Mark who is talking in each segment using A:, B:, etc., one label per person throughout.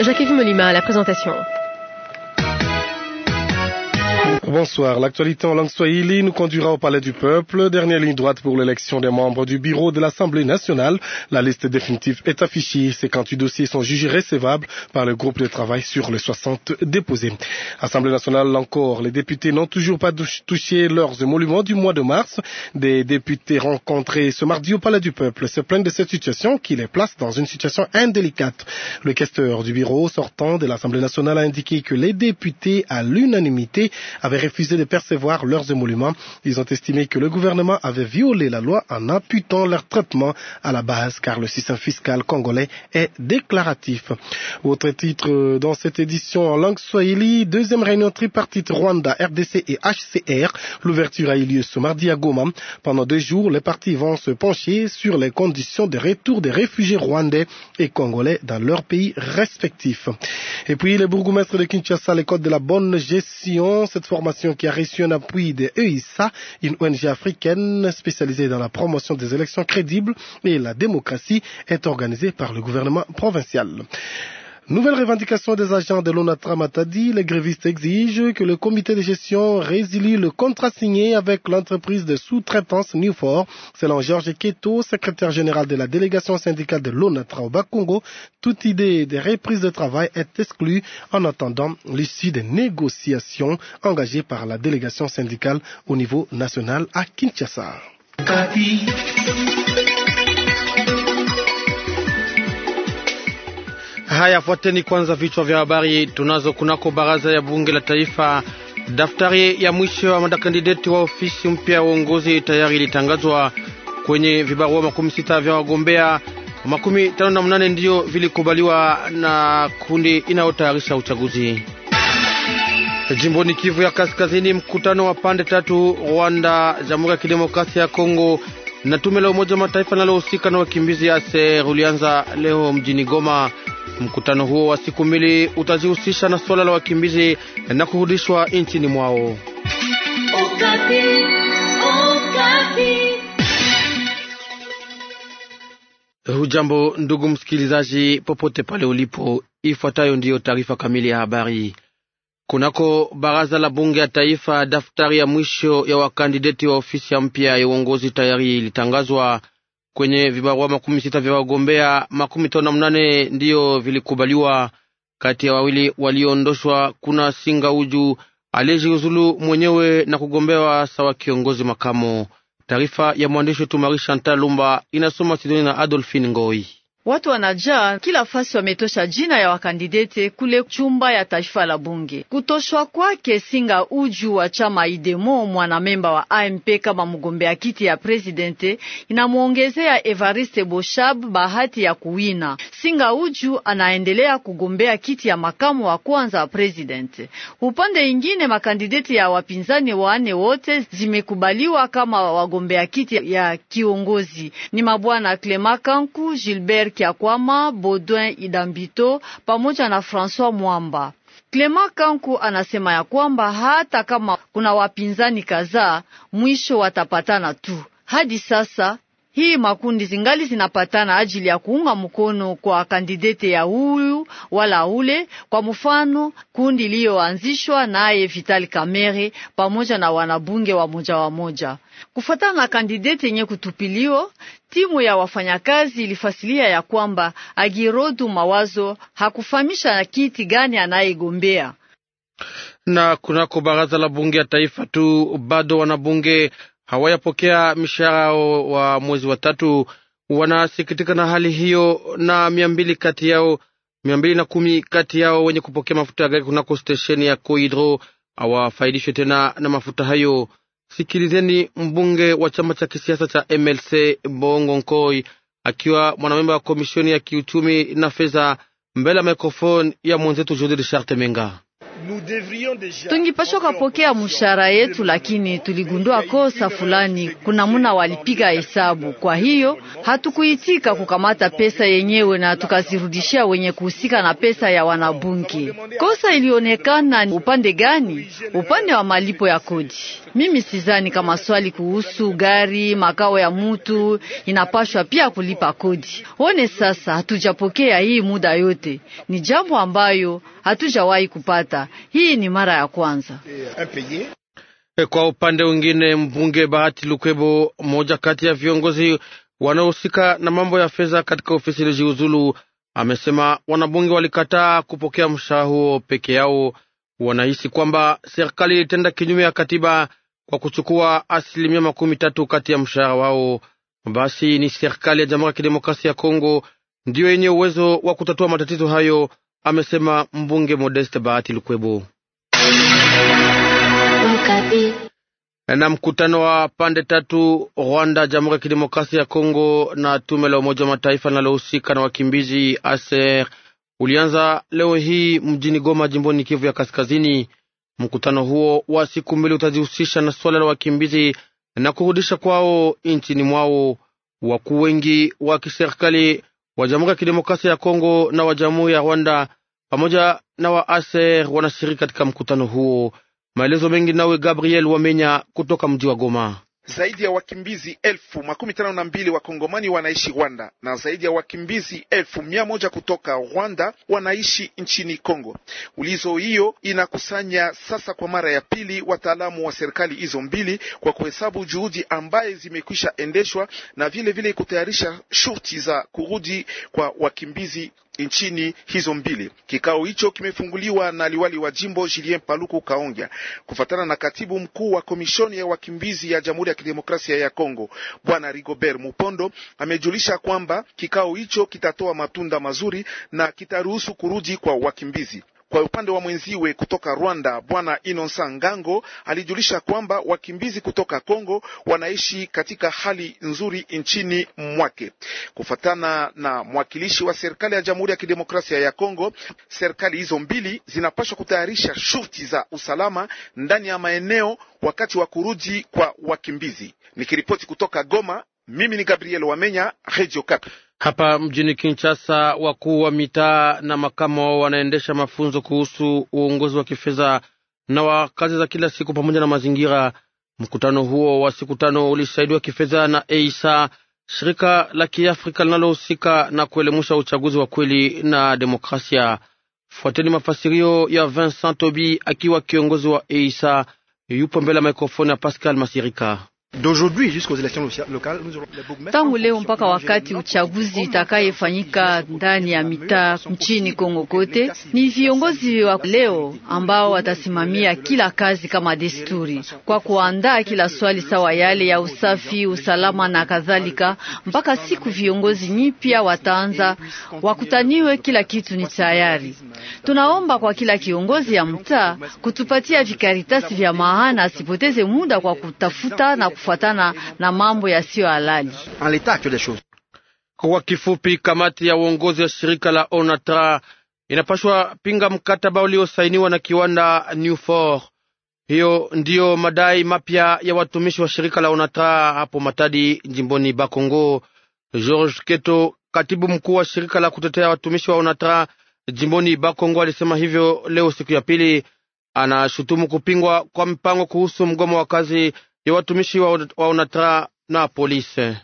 A: Jacques-Yves Molima à la présentation.
B: Bonsoir. L'actualité en langue swahili nous conduira au Palais du Peuple. Dernière ligne droite pour l'élection des membres du bureau de l'Assemblée nationale. La liste définitive est affichée. 58 dossiers sont jugés recevables par le groupe de travail sur les 60 déposés. Assemblée nationale encore, les députés n'ont toujours pas touché leurs émoluments du mois de mars. Des députés rencontrés ce mardi au Palais du Peuple se plaignent de cette situation qui les place dans une situation indélicate. Le questeur du bureau sortant de l'Assemblée nationale a indiqué que les députés à l'unanimité avaient refusé de percevoir leurs émoluments. Ils ont estimé que le gouvernement avait violé la loi en imputant leur traitement à la base car le système fiscal congolais est déclaratif. Autre titre euh, dans cette édition en langue swahili, deuxième réunion tripartite Rwanda, RDC et HCR. L'ouverture a eu lieu ce mardi à Goma. Pendant deux jours, les partis vont se pencher sur les conditions de retour des réfugiés rwandais et congolais dans leurs pays respectifs. Et puis, les bourgoumestres de Kinshasa, les codes de la bonne gestion, cette forme formation qui a reçu un appui de EISA, une ONG africaine spécialisée dans la promotion des élections crédibles et la démocratie, est organisée par le gouvernement provincial. Nouvelle revendication des agents de l'ONATRA Matadi, les grévistes exigent que le comité de gestion résilie le contrat signé avec l'entreprise de sous-traitance Newfort. Selon Georges Keto, secrétaire général de la délégation syndicale de l'ONATRA au Bakongo, toute idée de reprise de travail est exclue en attendant l'issue des négociations engagées par la délégation syndicale au niveau national à Kinshasa. Haya, fuateni kwanza
C: vichwa vya habari tunazo. Kunako baraza ya bunge la taifa, daftari ya mwisho ya madakandideti wa ofisi mpya ya uongozi tayari ilitangazwa kwenye vibarua makumi sita vya wagombea makumi tano na mnane ndiyo vilikubaliwa na kundi inayotayarisha uchaguzi. Jimboni Kivu ya Kaskazini, mkutano wa pande tatu Rwanda, Jamhuri ya Kidemokrasia ya Kongo na tume la Umoja wa Mataifa linalohusika na wakimbizi ASER ulianza leo mjini Goma. Mkutano huo wa siku mbili utajihusisha na swala la wakimbizi na kurudishwa nchini mwao. Hujambo ndugu msikilizaji, popote pale ulipo, ifuatayo ndiyo taarifa kamili ya habari. Kunako baraza la bunge ya taifa, daftari ya mwisho ya wakandideti wa ofisi ya mpya ya uongozi tayari ilitangazwa kwenye vibarua makumi sita vya wagombea makumi tano na mnane ndiyo vilikubaliwa. Kati ya wawili walioondoshwa kuna Singa Uju aliyejiuzulu mwenyewe na kugombewa sawa kiongozi makamo. Taarifa ya mwandishi wetu Marisha Ntalumba Lumba inasoma Sidoni na Adolfin Ngoi.
A: Watu wanajaa kila fasi, wametosha jina ya wakandidete kule chumba ya taifa la bunge. Kutoshwa kwake Singa Uju wa chama Idemo, mwanamemba wa AMP kama mgombea kiti ya presidente, inamwongezea Evariste Boshab bahati ya kuwina. Singa Uju anaendelea kugombea kiti ya makamu wa kwanza wa presidente. Upande ingine, makandideti ya wapinzani wane wote zimekubaliwa kama wagombea kiti ya kiongozi, ni mabwana Clema Kanku, Gilbert Tiakwama, Baudouin Idambito pamoja na françois Mwamba. Klema Kanku anasema ya kwamba hata kama kuna wapinzani kadhaa, mwisho watapatana tu. Hadi sasa hii makundi zingali zinapatana ajili ya kuunga mkono kwa kandidete ya huyu wala ule. Kwa mfano, kundi iliyoanzishwa naye Vital Kamerhe pamoja na wanabunge wa moja wa moja kufuatana na kandidete yenye kutupiliwa. Timu ya wafanyakazi ilifasilia ya kwamba Agirodu Mawazo hakufahamisha kiti gani anayegombea
C: na kunako baraza la bunge ya taifa tu bado wanabunge hawayapokea mishahara yao wa mwezi wa tatu. Wanasikitika na hali hiyo, na mia mbili kati yao mia mbili na kumi kati yao wenye kupokea mafuta ya gari kunako stesheni ya Koidro hawafaidishwe tena na mafuta hayo. Sikilizeni mbunge wa chama cha kisiasa cha MLC Bongo Nkoi akiwa mwanamemba wa komishoni ya kiuchumi na fedha mbele ya mikrofoni ya mwenzetu Jodi Richard Temenga
A: tungipashwa kapokea mshahara yetu, lakini tuligundua kosa fulani, kuna muna walipiga hesabu. Kwa hiyo hatukuitika kukamata pesa yenyewe na tukazirudishia wenye kuhusika na pesa ya wanabunge. Kosa ilionekana upande gani? Upande wa malipo ya kodi. Mimi sizani kama swali kuhusu gari, makao ya mutu inapashwa pia kulipa kodi. One sasa, hatujapokea hii muda yote, ni jambo ambayo hatujawahi kupata. Hii ni mara ya kwanza.
C: Eh, kwa upande mwingine, mbunge Bahati Lukwebo, mmoja kati ya viongozi wanaohusika na mambo ya fedha katika ofisi ilijiuzulu, amesema wanabunge walikataa kupokea mshahara huo peke yao. Wanahisi kwamba serikali ilitenda kinyume ya katiba kwa kuchukua asilimia makumi tatu kati ya mshahara wao. Basi ni serikali ya Jamhuri ya Kidemokrasia ya Kongo ndiyo yenye uwezo wa kutatua matatizo hayo amesema mbunge Modeste Bahati Lukwebo. Na mkutano wa pande tatu Rwanda, Jamhuri ya Kidemokrasia ya Kongo na tume la Umoja wa Mataifa linalohusika na wakimbizi ASER ulianza leo hii mjini Goma, jimboni Kivu ya Kaskazini. Mkutano huo wa siku mbili utajihusisha na suala la wakimbizi na kurudisha kwao nchini mwao. Wakuu wengi wa kiserikali wa Jamhuri ya Kidemokrasia ya Kongo na wa Jamhuri ya Rwanda pamoja na wa ASER wanashiriki katika mkutano huo. Maelezo mengi nawe Gabriel Wamenya kutoka mji wa Goma
D: zaidi ya wakimbizi elfu makumi tano na mbili wakongomani wanaishi Rwanda na zaidi ya wakimbizi elfu mia moja kutoka Rwanda wanaishi nchini Kongo. Ulizo hiyo inakusanya sasa kwa mara ya pili wataalamu wa serikali hizo mbili kwa kuhesabu juhudi ambaye zimekwisha endeshwa na vilevile vile kutayarisha shurti za kurudi kwa wakimbizi nchini hizo mbili. Kikao hicho kimefunguliwa na liwali wa jimbo Julien Paluku Kaongya kufatana na katibu mkuu wa komishoni ya wakimbizi ya Jamhuri ya Kidemokrasia ya Kongo Bwana Rigobert Mupondo amejulisha kwamba kikao hicho kitatoa matunda mazuri na kitaruhusu kurudi kwa wakimbizi. Kwa upande wa mwenziwe kutoka Rwanda, bwana Inonsa Ngango alijulisha kwamba wakimbizi kutoka Kongo wanaishi katika hali nzuri nchini mwake. kufuatana na mwakilishi wa serikali ya Jamhuri ya Kidemokrasia ya Kongo, serikali hizo mbili zinapaswa kutayarisha shurti za usalama ndani ya maeneo wakati wa kurudi kwa wakimbizi. Nikiripoti kutoka Goma, mimi ni Gabriel Wamenya,
C: Radio Okapi. Hapa mjini Kinshasa, wakuu wa mitaa na makamo wanaendesha mafunzo kuhusu uongozi wa kifedha na wa kazi za kila siku pamoja na mazingira. Mkutano huo wa siku tano ulisaidiwa kifedha na EISA, shirika la kiafrika linalohusika na kuelemusha uchaguzi wa kweli na demokrasia. Fuateni mafasirio ya Vincent Tobi akiwa kiongozi wa EISA, yupo mbele ya mikrofoni ya Pascal Masirika.
A: Tangu leo mpaka wakati uchaguzi itakayefanyika ndani ya mitaa nchini Kongo kote, ni viongozi wa leo ambao watasimamia kila kazi kama desturi, kwa kuandaa kila swali sawa yale ya usafi, usalama na kadhalika, mpaka siku viongozi nyipya wataanza wakutaniwe, kila kitu ni tayari. Tunaomba kwa kila kiongozi ya mtaa kutupatia vikaritasi vya maana, asipoteze muda kwa kutafuta na kufuatana na mambo yasiyo halali.
C: Kwa kifupi, kamati ya uongozi ya shirika la Onatra inapashwa pinga mkataba uliosainiwa na kiwanda Newfor. Hiyo ndiyo madai mapya ya watumishi wa shirika la Onatra hapo Matadi, jimboni Bakongo. George Keto, katibu mkuu wa shirika la kutetea watumishi wa Onatra jimboni Bakongo alisema hivyo leo siku ya pili. Anashutumu kupingwa kwa mpango kuhusu mgomo wa kazi ya watumishi wa, wa na polisi.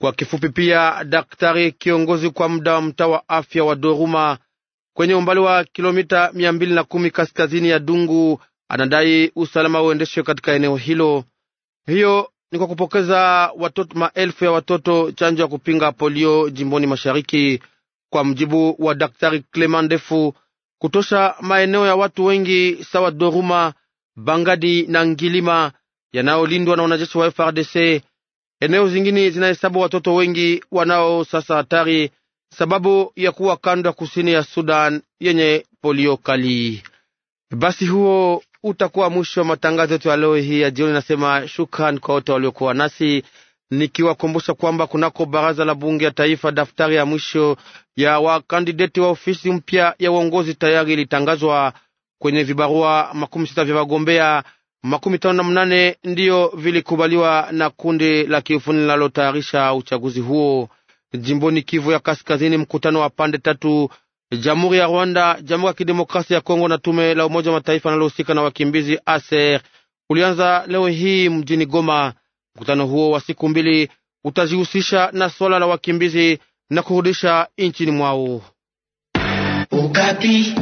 C: Kwa kifupi pia, daktari kiongozi kwa muda wa mtaa wa afya wa Doruma kwenye umbali wa kilomita mia mbili na kumi kaskazini ya Dungu anadai usalama uendeshwe katika eneo hilo. Hiyo ni kwa kupokeza watoto maelfu ya watoto chanjo ya kupinga polio jimboni mashariki kwa mjibu wa daktari Clement Ndefu, kutosha maeneo ya watu wengi sawa Doruma, Bangadi na Ngilima yanayolindwa na wanajeshi wa FRDC. Eneo zingine zinahesabu watoto wengi wanao sasa hatari sababu ya kuwa kando ya kusini ya Sudan yenye polio kali. Basi huo utakuwa mwisho wa matangazo yetu ya leo hii ya jioni. Nasema shukran kwa wote waliokuwa nasi nikiwakumbusha kwamba kunako baraza la bunge ya taifa daftari ya mwisho ya wakandideti wa ofisi mpya ya uongozi tayari ilitangazwa kwenye vibarua makumi sita vya wagombea makumi tano na mnane ndiyo vilikubaliwa na kundi la kiufundi linalotayarisha uchaguzi huo jimboni Kivu ya Kaskazini. Mkutano wa pande tatu, Jamhuri ya Rwanda, Jamhuri ya Kidemokrasia ya Kongo na Tume la Umoja wa Mataifa linalohusika na wakimbizi aser ulianza leo hii mjini Goma. Mkutano huo wa siku mbili utajihusisha na swala la wakimbizi na kurudisha nchini mwao. Ukapi.